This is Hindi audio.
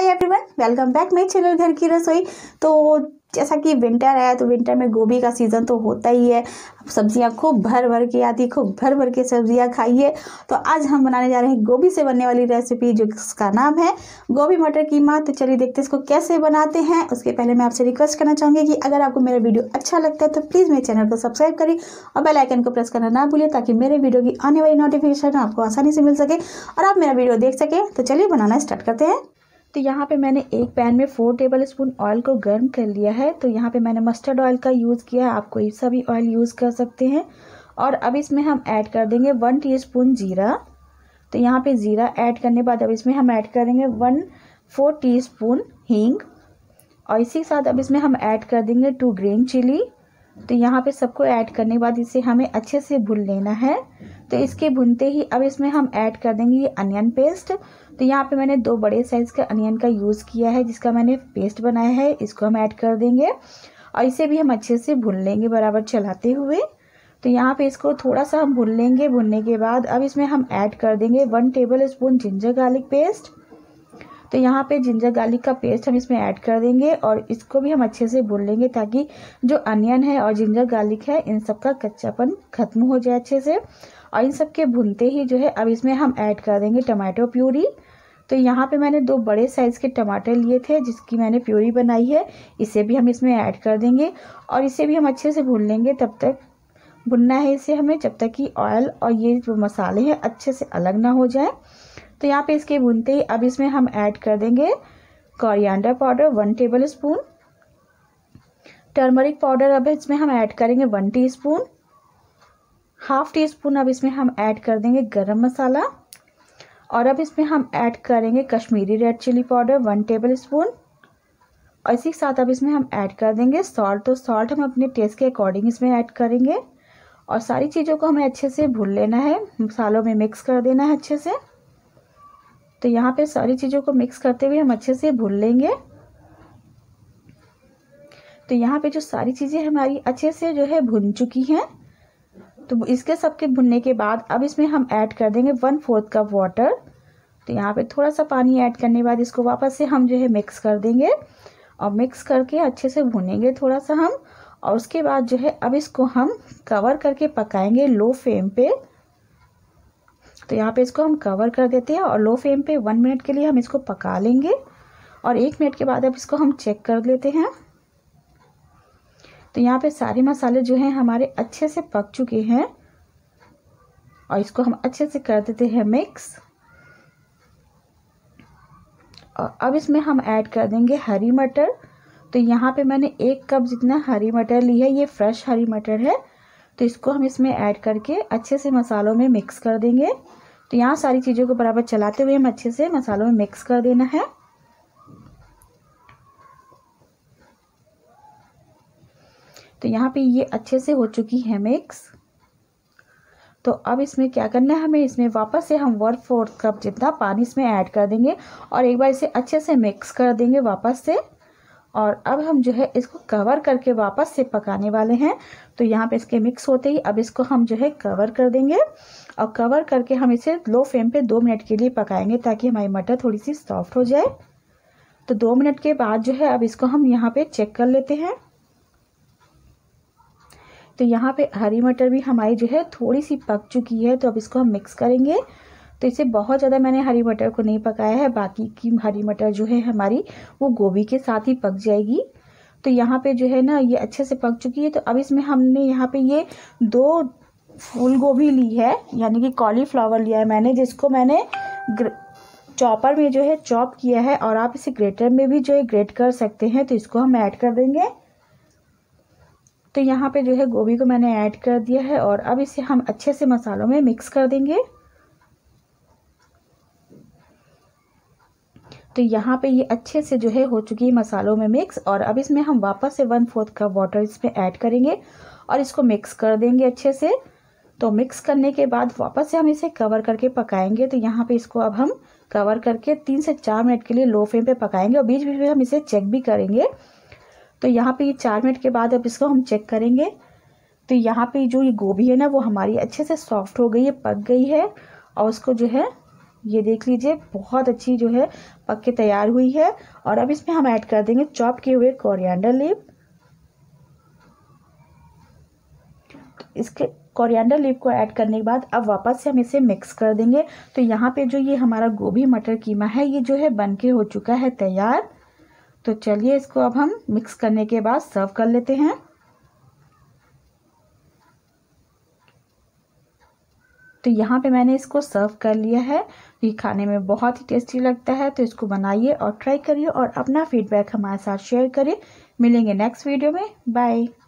हाय एवरीवन वेलकम बैक मेरे चैनल घर की रसोई तो जैसा कि विंटर है तो विंटर में गोभी का सीज़न तो होता ही है सब्जियां खूब भर भर के आती खूब भर भर के सब्जियां खाइए तो आज हम बनाने जा रहे हैं गोभी से बनने वाली रेसिपी जो इसका नाम है गोभी मटर की माँ तो चलिए देखते हैं इसको कैसे बनाते हैं उसके पहले मैं आपसे रिक्वेस्ट करना चाहूँगी कि अगर आपको मेरा वीडियो अच्छा लगता है तो प्लीज़ मेरे चैनल को सब्सक्राइब करें और बेलाइकन को प्रेस करना ना भूलें ताकि मेरे वीडियो की आने वाली नोटिफिकेशन आपको आसानी से मिल सके और आप मेरा वीडियो देख सकें तो चलिए बनाना स्टार्ट करते हैं तो यहाँ पे मैंने एक पैन में फोर टेबल स्पून ऑयल को गर्म कर लिया है तो यहाँ पे मैंने मस्टर्ड ऑयल का यूज़ किया है आप कोई सा भी ऑयल यूज़ कर सकते हैं और अब इसमें हम ऐड कर देंगे वन टी जीरा तो यहाँ पर ज़ीरा ऐड करने बाद अब इसमें हम ऐड करेंगे वन फोर स्पून हींग और इसी के साथ अब इसमें हम ऐड कर देंगे टू ग्रीन चिली तो यहाँ पे सबको ऐड करने के बाद इसे हमें अच्छे से भून लेना है तो इसके भुनते ही अब इसमें हम ऐड कर देंगे ये अनियन पेस्ट तो यहाँ पे मैंने दो बड़े साइज़ के अनियन का यूज़ किया है जिसका मैंने पेस्ट बनाया है इसको हम ऐड कर देंगे और इसे भी हम अच्छे से भून लेंगे बराबर चलाते हुए तो यहाँ पे इसको थोड़ा सा हम भून लेंगे भुनने के बाद अब इसमें हम ऐड कर देंगे one tablespoon ginger garlic paste तो यहाँ पे जिंजर गार्लिक का पेस्ट हम इसमें ऐड कर देंगे और इसको भी हम अच्छे से भून लेंगे ताकि जो अनियन है और जिंजर गार्लिक है इन सब का कच्चापन खत्म हो जाए अच्छे से और इन सब के भुनते ही जो है अब इसमें हम ऐड कर देंगे टमाटो प्यूरी तो यहाँ पे मैंने दो बड़े साइज़ के टमाटर लिए थे जिसकी मैंने प्यूरी बनाई है इसे भी हम इसमें ऐड कर देंगे और इसे भी हम अच्छे से भून लेंगे तब तक भुनना है इसे हमें जब तक कि ऑयल और ये जो मसाले हैं अच्छे से अलग ना हो जाए तो यहाँ पे इसके भूनते ही अब इसमें हम ऐड कर देंगे coriander powder one tablespoon turmeric powder अब इसमें हम ऐड करेंगे one teaspoon half teaspoon अब इसमें हम ऐड कर देंगे गरम मसाला और अब इसमें हम ऐड करेंगे Kashmiri red chilli powder one tablespoon और इसी के साथ अब इसमें हम ऐड कर देंगे सॉल्ट तो सॉल्ट हम अपने टेस्ट के अकॉर्डिंग इसमें ऐड करेंगे और सारी चीज़ों को हमें अच्छे से भून लेना है मसालों में मिक्स कर देना है अच्छे से तो यहाँ पे सारी चीज़ों को मिक्स करते हुए हम अच्छे से भून लेंगे तो यहाँ पे जो सारी चीज़ें हमारी अच्छे से जो है भुन चुकी हैं तो इसके सबके भुनने के बाद अब इसमें हम ऐड कर देंगे वन फोर्थ कप वाटर तो यहाँ पे थोड़ा सा पानी ऐड करने के बाद इसको वापस से हम जो है मिक्स कर देंगे और मिक्स करके अच्छे से भुनेंगे थोड़ा सा हम और उसके बाद जो है अब इसको हम कवर करके पकाएंगे लो फ्लेम पे तो यहाँ पे इसको हम कवर कर देते हैं और लो फ्लेम पे वन मिनट के लिए हम इसको पका लेंगे और एक मिनट के बाद अब इसको हम चेक कर लेते हैं तो यहाँ पे सारे मसाले जो हैं हमारे अच्छे से पक चुके हैं और इसको हम अच्छे से कर देते हैं मिक्स और अब इसमें हम ऐड कर देंगे हरी मटर तो यहाँ पे मैंने एक कप जितना हरी मटर ली है ये फ्रेश हरी मटर है तो इसको हम इसमें ऐड करके अच्छे से मसालों में मिक्स कर देंगे तो यहाँ सारी चीज़ों को बराबर चलाते हुए हम अच्छे से मसालों में मिक्स कर देना है तो यहाँ पे ये अच्छे से हो चुकी है मिक्स तो अब इसमें क्या करना है हमें इसमें वापस से हम वन फोर्थ कप जितना पानी इसमें ऐड कर देंगे और एक बार इसे अच्छे से मिक्स कर देंगे वापस से और अब हम जो है इसको कवर करके वापस से पकाने वाले हैं तो यहाँ पे इसके मिक्स होते ही अब इसको हम जो है कवर कर देंगे और कवर करके हम इसे लो फ्लेम पे दो मिनट के लिए पकाएंगे ताकि हमारी मटर थोड़ी सी सॉफ्ट हो जाए तो दो मिनट के बाद जो है अब इसको हम यहाँ पे चेक कर लेते हैं तो यहाँ पे हरी मटर भी हमारी जो है थोड़ी सी पक चुकी है तो अब इसको हम मिक्स करेंगे तो इसे बहुत ज़्यादा मैंने हरी मटर को नहीं पकाया है बाकी की हरी मटर जो है हमारी वो गोभी के साथ ही पक जाएगी तो यहाँ पे जो है ना ये अच्छे से पक चुकी है तो अब इसमें हमने यहाँ पे ये दो फूल गोभी ली है यानी कि कॉलीफ्लावर लिया है मैंने जिसको मैंने चॉपर में जो है चॉप किया है और आप इसे ग्रेटर में भी जो है ग्रेट कर सकते हैं तो इसको हम ऐड कर देंगे तो यहाँ पे जो है गोभी को मैंने ऐड कर दिया है और अब इसे हम अच्छे से मसालों में मिक्स कर देंगे तो यहाँ पे ये अच्छे से जो है हो चुकी है मसालों में मिक्स और अब इसमें हम वापस से वन फोर्थ कप वाटर इसमें ऐड करेंगे और इसको मिक्स कर देंगे अच्छे से तो मिक्स करने के बाद वापस से हम इसे कवर करके पकाएंगे तो यहाँ पे इसको अब हम कवर करके तीन से चार मिनट के लिए लो फ्लेम पे पकाएंगे और बीच बीच में हम इसे चेक भी करेंगे तो यहाँ पे ये चार मिनट के बाद अब इसको हम चेक करेंगे तो यहाँ पे जो ये गोभी है ना वो हमारी अच्छे से सॉफ्ट हो गई है पक गई है और उसको जो है ये देख लीजिए बहुत अच्छी जो है पक के तैयार हुई है और अब इसमें हम ऐड कर देंगे चॉप किए हुए कोरिएंडर तो लीव इसके कोरिएंडर लीव को ऐड करने के बाद अब वापस से हम इसे मिक्स कर देंगे तो यहाँ पे जो ये हमारा गोभी मटर कीमा है ये जो है बन के हो चुका है तैयार तो चलिए इसको अब हम मिक्स करने के बाद सर्व कर लेते हैं तो यहाँ पे मैंने इसको सर्व कर लिया है ये खाने में बहुत ही टेस्टी लगता है तो इसको बनाइए और ट्राई करिए और अपना फीडबैक हमारे साथ शेयर करिए मिलेंगे नेक्स्ट वीडियो में बाय